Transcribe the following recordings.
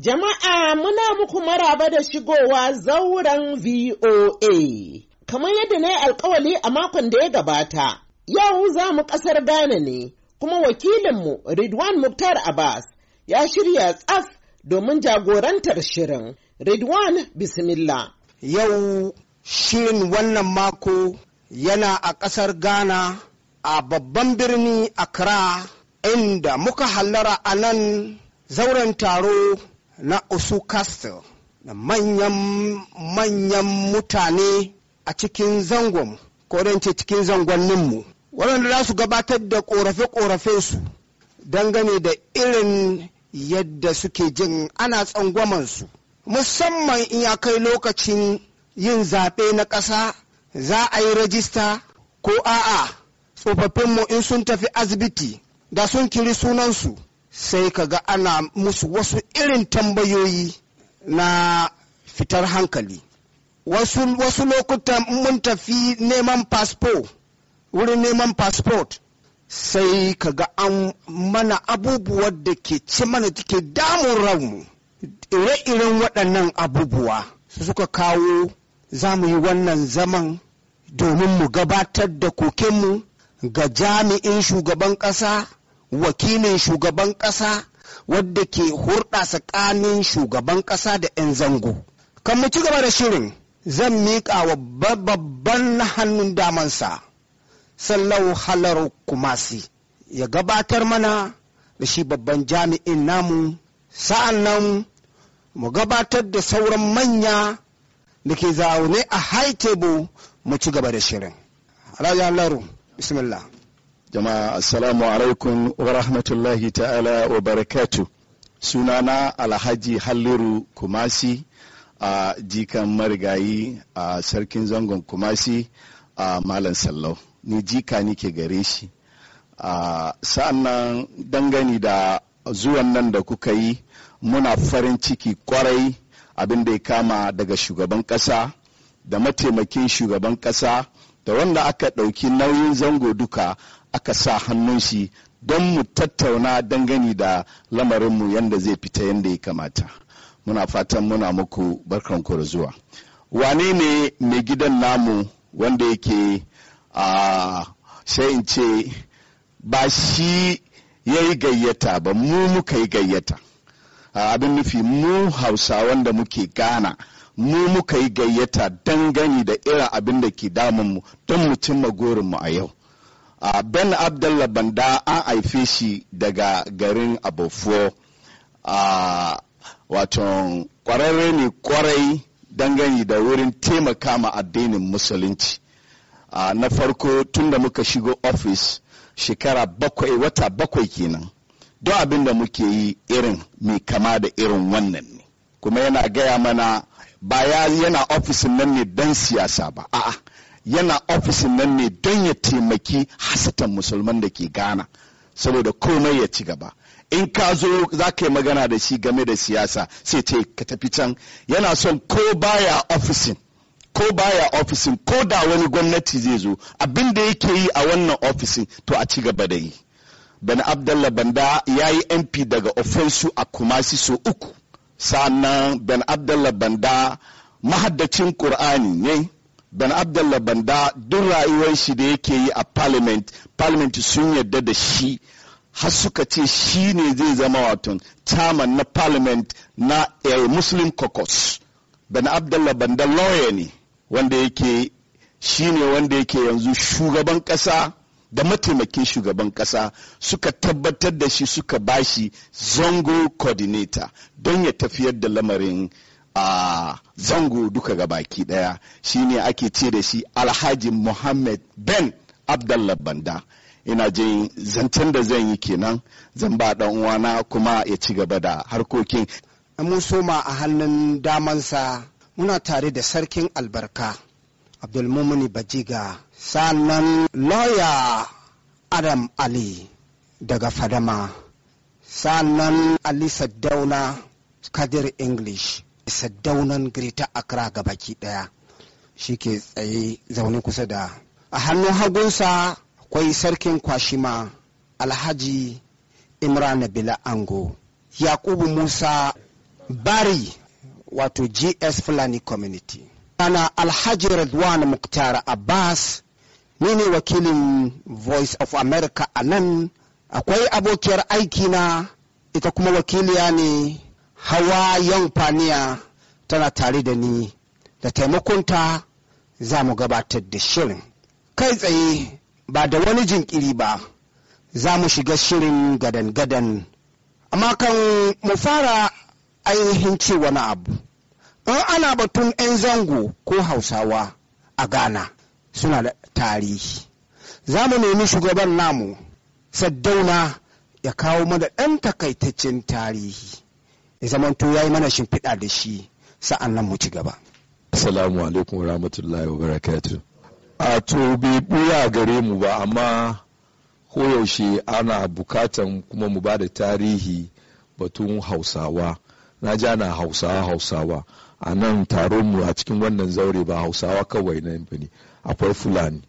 Jama'a muna muku maraba da shigowa zauren VOA. Kamar yadda na yi alkawali a makon da ya gabata, yau za mu ƙasar Ghana ne, kuma wakilinmu Ridwan Muktar Abbas ya shirya tsaf domin jagorantar shirin. Ridwan Bismillah. Yau shirin wannan mako yana a ƙasar Ghana a babban birni a Accra inda muka hallara a nan zauren taro na Osu Castle da manyan mutane a cikin zangon ko ce cikin zangonninmu waɗanda za su gabatar da ƙorafe-ƙorafe su dangane da irin yadda suke jin ana tsangwamansu musamman in ya kai lokacin yin zaɓe na ƙasa za a yi rajista ko a'a tsofaffinmu in sun tafi asibiti da sun kiri sunansu sai ka ga ana musu wasu irin tambayoyi na fitar hankali wasu, wasu lokutan mun tafi neman fasfo wurin neman passport sai ka ga an mana abubuwan da ke ci mana ke damun ranmu ire-iren waɗannan abubuwa su suka kawo za mu yi wannan zaman domin mu gabatar da kokenmu ga jami'in shugaban ƙasa wakilin shugaban ƙasa wadda ke hurɗa tsakanin shugaban ƙasa da 'yan zango. Kan mu ci gaba da shirin zan miƙa wa babban hannun damansa sallau halar kumasi ya gabatar mana da shi babban jami'in namu sa'an nan mu gabatar da sauran manya da ke zaune a high table mu ci gaba da shirin. Alhaji laro, bismillah. jama'a assalamu alaikum wa rahmatullahi ta'ala wa barakatu sunana alhaji halliru kumasi a uh, jikan marigayi a sarkin zangon kumasi a uh, malam sallau ni jika nike gare shi sa'an nan dangane da zuwan nan da kuka yi muna farin ciki kwarai abin da ya kama daga shugaban ƙasa da mataimakin shugaban ƙasa da wanda aka ɗauki nauyin zango duka aka sa hannun shi don mu tattauna dangane da lamarinmu yadda zai fita yadda ya kamata muna fatan muna muku barkanku da zuwa wane ne mai gidan namu wanda yake a shayin ce ba shi ya yi gayyata ba mu muka yi gayyata abin nufi mu hausa wanda muke gana mu muka yi gayyata dangane da irin abin da ke damunmu don mu cimma gorinmu a yau a ben abdallah banda an haife shi daga garin abofo uh, wato kwararre ne kwarai dangane da wurin taimaka ma addinin musulunci uh, na farko tun da muka shigo ofis shekara bakwai wata bakwai kenan don abin da muke yi irin mai kama da irin wannan ne kuma yana gaya mana ba yana ofisin nan ne don siyasa ba a'a yana ofisin nan ne don ya taimaki hasatan musulman da ke gana saboda komai ya ci gaba in ka zo za ka yi magana da shi game da siyasa sai ce ka tafi can yana son ko baya ofisin ko baya ofisin ko da wani gwamnati zai zo abin da yake yi a wannan ofisin to a ci gaba da yi bani abdallah banda ya yi mp daga ofensu a kumasi so uku sannan bani abdallah banda mahaddacin ƙur'ani ne ban abdalla banda duk rayuwar shi da yake yi a parliament parliament sun yarda da shi har suka ce shi ne zai zama wato chairman na parliament na el eh, muslim caucus ban abdalla banda lawyer ne wanda yake shi ne wanda yake yanzu shugaban kasa da mataimakin shugaban kasa suka tabbatar da shi suka bashi zongo coordinator don ya tafiyar da lamarin a zango duka ga baki daya shine ake ce da shi alhaji muhammad ben abdallah banda ina jin zancen da zan yi kenan zan ba dan uwana kuma ya ci gaba da harkokin mun soma a hannun damansa muna tare da sarkin albarka abdulmumini bajiga sannan lawyer adam ali daga fadama sannan ali dauna kadir english sadaunan akra accra baki daya shi ke tsaye zaune kusa da a hannun hagunsa akwai sarkin kwashima alhaji imran bila ango yakubu musa bari wato gs fulani community ana alhaji radwan muktar abbas ni ne wakilin voice of america a nan akwai abokiyar aiki na ita kuma wakiliya ne hawa yanfaniya tana tare da ni da taimakonta za mu gabatar da shirin kai tsaye ba da wani jinkiri ba za mu shiga shirin gadan-gadan amma kan mu fara ainihin ce wani abu in ana batun 'yan zango ko hausawa a ghana suna da tarihi za mu nemi shugaban namu saddauna ya kawo mana ɗan takaitaccen tarihi ya zamanto ya yi mana shimfiɗa da shi sa'an nan mu ci gaba. Assalamu alaikum wa rahmatullahi wa barakatu. A to bai ɓuya gare mu ba amma koyaushe ana bukatan kuma mu ba da tarihi batun hausawa. Na ja na hausawa hausawa a nan taron mu a cikin wannan zaure ba hausawa kawai na ne akwai fulani.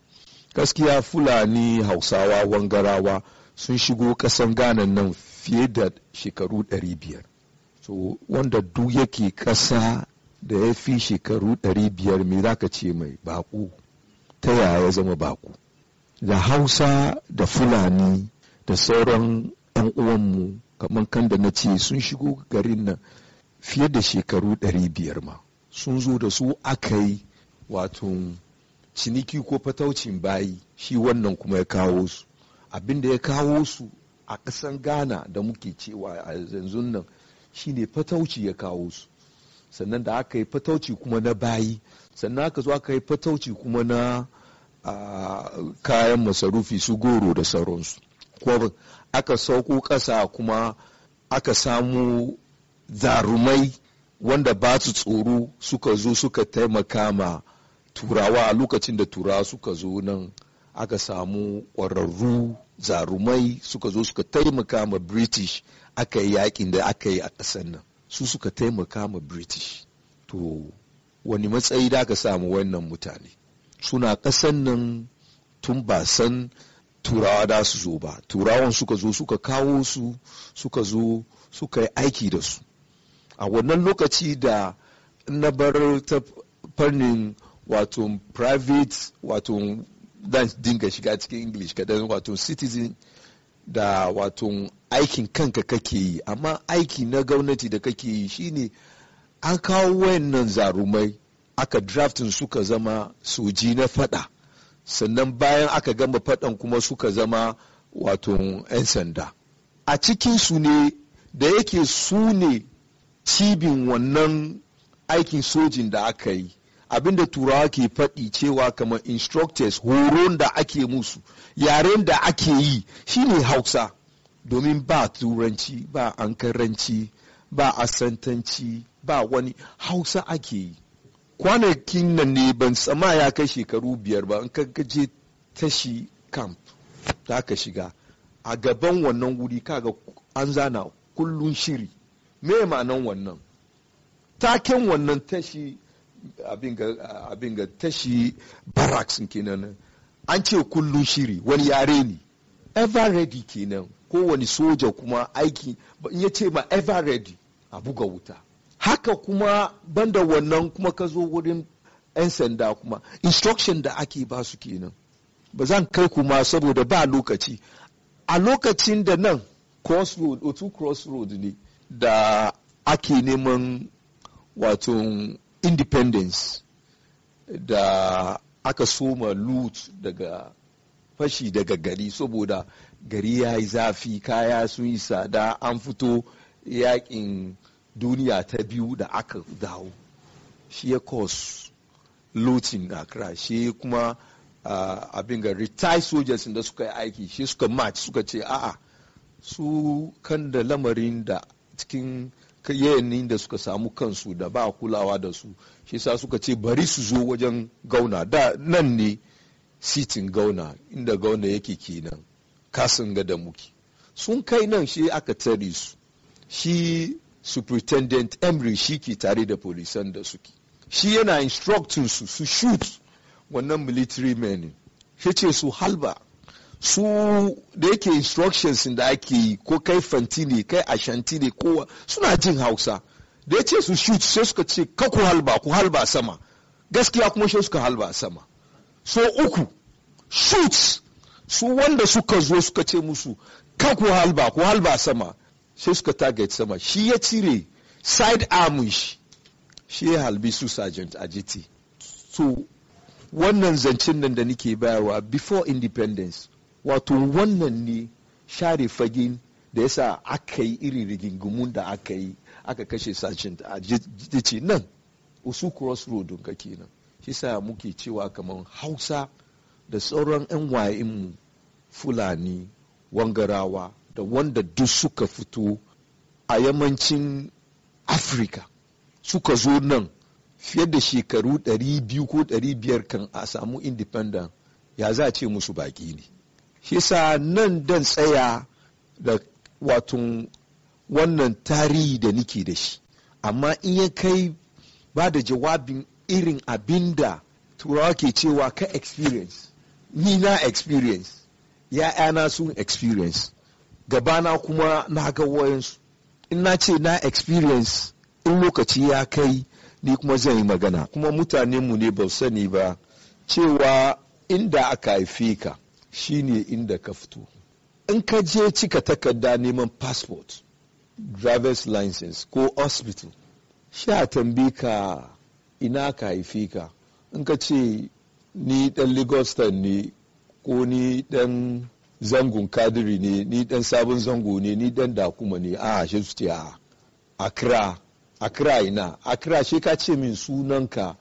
Gaskiya fulani hausawa wangarawa sun shigo ƙasan ganan nan fiye da shekaru ɗari biyar. so wanda duk yake ƙasa da ya fi shekaru 500 me za ka ce mai baƙo ta yaya ya zama baƙo da hausa da fulani da sauran 'yan uwanmu kamar kan da na ce sun shigo garin nan fiye da shekaru 500 ma sun zo da su aka yi wato ciniki ko fataucin bayi shi wannan kuma ya kawo su abinda ya kawo su a ƙasan ghana da muke cewa a yanzu nan shine fatauci ya kawo su sannan da aka yi fatauci kuma na bayi sannan aka zo aka yi fatauci kuma na kayan masarufi su goro da sauransu kuma aka sauko ƙasa kuma aka samu zarumai wanda ba su tsoro suka zo suka taimaka ma turawa a lokacin da turawa suka zo nan aka samu ƙwararru zarumai suka zo suka taimaka ma british aka yi yakin da aka yi a ƙasar nan su suka taimaka ma british to wani matsayi da aka samu wannan mutane suna ƙasar nan tun ba san turawa da su zo ba turawan suka zo suka kawo su suka zo suka yi aiki da su a wannan lokaci da na bar ta farnin wato private wato zan dinga shiga cikin english kadan wato citizen da wato aikin kanka kake yi amma aiki na gwamnati da kake yi shine an kawo wayannan zarumai aka draftin suka zama soji na fada sannan bayan aka gama fadan kuma suka zama wato 'yan sanda a cikin su ne da yake su ne cibin wannan aikin sojin da aka yi abin da turawa ke faɗi cewa kamar instructors horon da ake musu yaren da ake yi shine hausa domin ba turanci ba ankaranci ba asantanci ba wani hausa ake yi kwanakin nan ne ban tsama ya kai shekaru biyar ba in ka tashi camp da ka shiga a gaban wannan wuri kaga an zana kullun shiri me ma'anan wannan taken wannan tashi abin ga tashi barracks kenan an ce kullum shiri wani yare ne ever ready kenan Wani soja kuma aiki in ya ce ma ever ready a buga wuta haka kuma banda wannan kuma ka zo wurin 'yan sanda kuma instruction da ake ba su kenan ba zan kai kuma saboda ba lokaci a lokacin da nan crossroad otu crossroad ne da ake neman wato independence da aka soma loot daga fashi daga gari saboda gari ya yi zafi kaya sun yi sada an fito yakin duniya ta biyu da aka dawo shi ya cause looting kira shi kuma uh, abin ga retired soldiers da suka yi aiki shi suka match suka ce a'a su kan da lamarin da cikin yayin da suka samu kansu da ba kulawa da su shi sa suka ce bari su zo wajen gauna da nan ne sitin gauna inda gauna yake kenan kasin ga da muke sun kai nan shi aka tare su shi superintendent emery shi ke tare da polisan da suke shi yana instructing su su shoot wannan military men shi ce su halba su da yake instructions da ake yi ko kai fanti ne kai ashanti ne kowa suna jin hausa da ya ce su shoot sai suka ce ka ku halba ku halba sama gaskiya kuma sai suka halba sama so uku shoot su wanda suka zo suka ce musu ka ku halba ku halba sama sai suka target sama shi ya cire side arm shi shi ya halbi su sergeant ajiti so wannan zancen nan da nake bayarwa before independence wato wannan ne share fagen da yasa aka yi irin rigingimun da aka yi aka kashe sashen a jici nan usu crossroad ka kenan shi sa muke cewa kamar hausa da sauran 'yan mu fulani wangarawa da wanda duk suka fito a yamancin afirka suka zo nan fiye da shekaru 200 ko 500 kan a samu independent ya za a ce musu baki ne shi nan dan tsaya da watun wannan tarihi da nike da shi amma in ya kai ba da jawabin irin abinda turawa ke cewa ka experience ni na experience ya'yana sun experience gabana kuma na ga wayansu in na ce na experience in lokaci ya kai ni kuma zan yi magana kuma mutane mu ne ba sani ba cewa inda aka haife ka shine inda ka fito in ka je cika takarda neman passport driver's license ko hospital sha tambi ka ina ka haifi ka in ka ce ni dan ligostan ne ko ni dan zangon kadiri ne ni dan sabon zango ne ni dan dakuma ne a shi su ce a akra akra ina akra shi ka ce min sunanka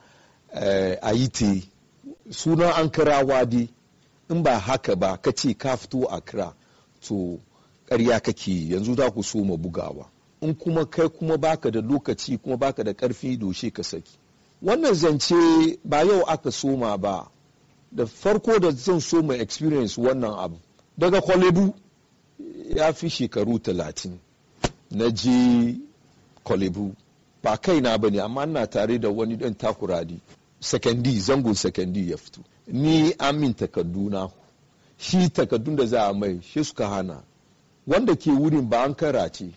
eh, te sunan an kira wadi in ba haka ba ka ce ka fito a kira to karya kake yanzu za ku so ma bugawa in kuma kai kuma baka da lokaci kuma baka da karfi doshe ka saki wannan zance ba yau aka soma ba da farko da zan so mai experience wannan abu daga kwalebu ya fi shekaru talatin na je kwalebu ba kaina ba ne amma ina tare da wani dan takuradi sakandi zangon sakandi ya fito ni amin takadduna shi takaddun da za a mai shi suka hana wanda ke wurin ba an karace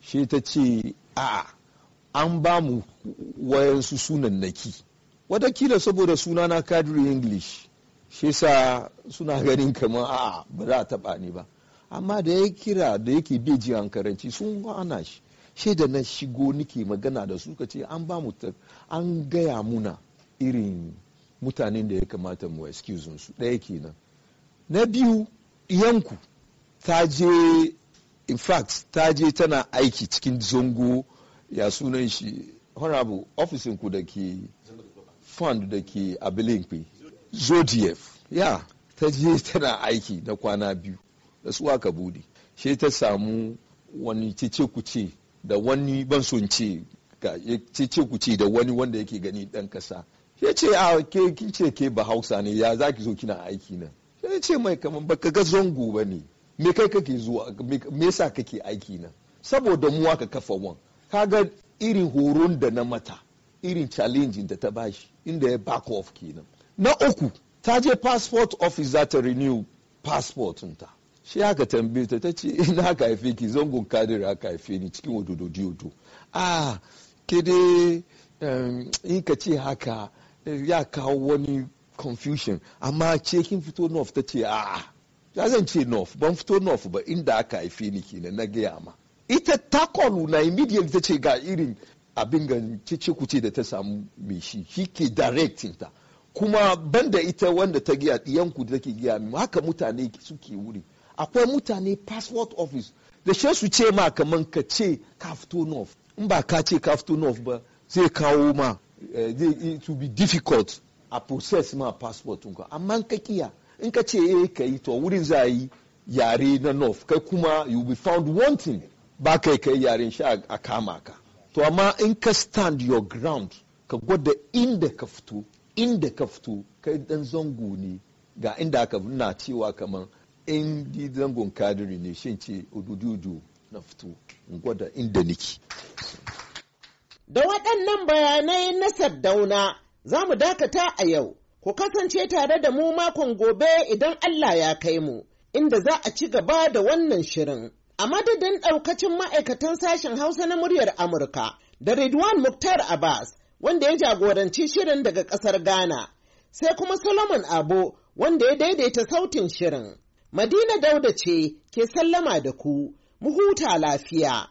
shi ta ce a'a an ba mu wayansu sunan naki watakila saboda sunana kadiri english shi sa suna ganin kamar a'a ba za a taba ni ba amma da ya kira da yake beji an karanci sun hana shi shi da na shigo nike magana da su ka ce an ba mu an gaya muna irin mutanen da ya kamata mu excuse su ɗaya kenan na biyu yanku ta je in fact ta je tana aiki cikin zongo ya sunan shi honorable ofisin ku da ke fund da ke abilinkwe zodiac ya ta je tana aiki na kwana biyu da su aka bude she ta samu wani cece kuce da wani ban sunce ce cece kuce da wani wanda yake gani dan kasa ya ce a ke ce ke ba hausa ne ya za ki zo kina aiki nan ya ce mai kamar baka ga zango ba ne me kai kake zuwa me yasa kake aiki nan saboda mu aka kafa wan kaga irin horon da na mata irin challenging da ta bashi inda ya back off kenan na uku ta je passport office za ta renew passport ta shi aka tambaye ta ce ina ka haife ki zangon kadir aka haife ni cikin wadodo diodo ah ke in ka ce haka ya kawo wani confusion amma ce kin fito north ta ce a'a ya zan ce north ban fito north ba inda aka haife ni kenan na gaya ma ita ta kwalu na immediately ta ce ga irin abin ga cece kuce da ta samu mai shi shi ke directing ta kuma banda ita wanda ta giya ɗiyanku da take giya mu haka mutane suke wuri akwai mutane passport office da she su ce ma kaman ka ce ka fito north in ba ka ce ka fito north ba zai kawo ma zai eh, to be difficult a process ma passport nka amma ka kiya in ka ce eh ka to wurin zai yare na north kai kuma you be found wanting ba kai kai yaren sha a kama ka to amma in ka stand your ground ka gwada inda ka fito inda ka fito kai dan zango ne ga inda ka na cewa kaman in di zangon kadiri ne shin ce odududu na fito in gwada inda niki Da waɗannan bayanai na Saddauna, za mu dakata a yau, ku kasance tare da mu makon gobe idan Allah ya kai mu, inda za a ci gaba da wannan shirin. A madadin ɗaukacin ma'aikatan sashen Hausa na muryar Amurka, da Ridwan Muktar Abbas, wanda ya jagoranci shirin daga ƙasar Ghana, sai kuma Solomon Abo, wanda ya daidaita sautin shirin. Madina Dauda ce ke sallama da ku, mu huta lafiya.